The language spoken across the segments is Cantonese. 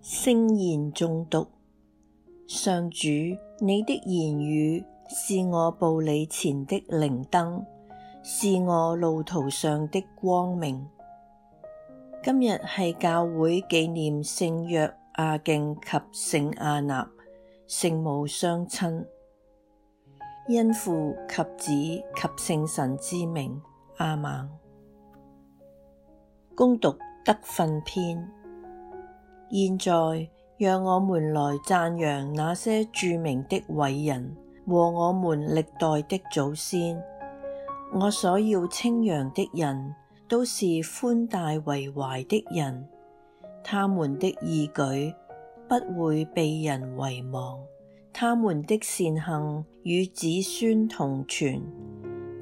聖言誦讀，上主，你的言語是我步履前的靈燈，是我路途上的光明。今日係教會紀念聖若亞敬及聖亞納聖母雙親因父及子及聖神之名，阿孟。恭讀德訓篇。現在，讓我們來讚揚那些著名的偉人和我們歷代的祖先。我所要稱揚的人，都是寬大為懷的人。他們的義舉不會被人遺忘，他們的善行與子孫同存，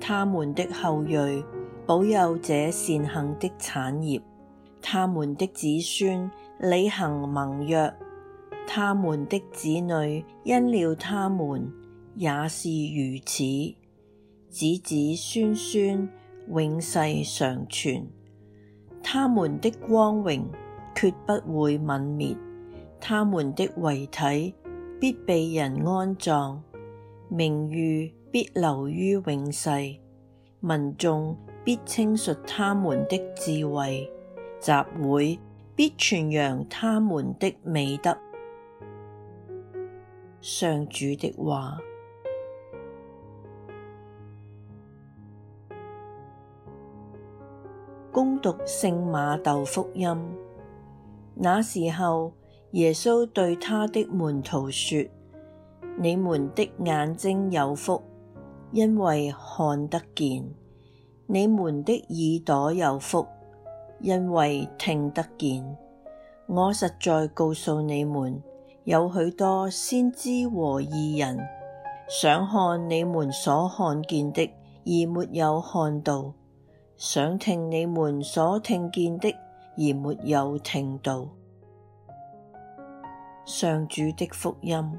他們的後裔保有這善行的產業。他們的子孫履行盟約，他們的子女因了他們也是如此，子子孫孫永世常存。他們的光榮決不會泯滅，他們的遺體必被人安葬，名譽必留於永世，民眾必稱述他們的智慧。集會必傳揚他們的美德。上主的話，恭讀聖瑪竇福音。那時候，耶穌對他的門徒說：你們的眼睛有福，因為看得見；你們的耳朵有福。因為聽得見，我實在告訴你們，有許多先知和義人，想看你們所看見的而沒有看到，想聽你們所聽見的而沒有聽到。上主的福音。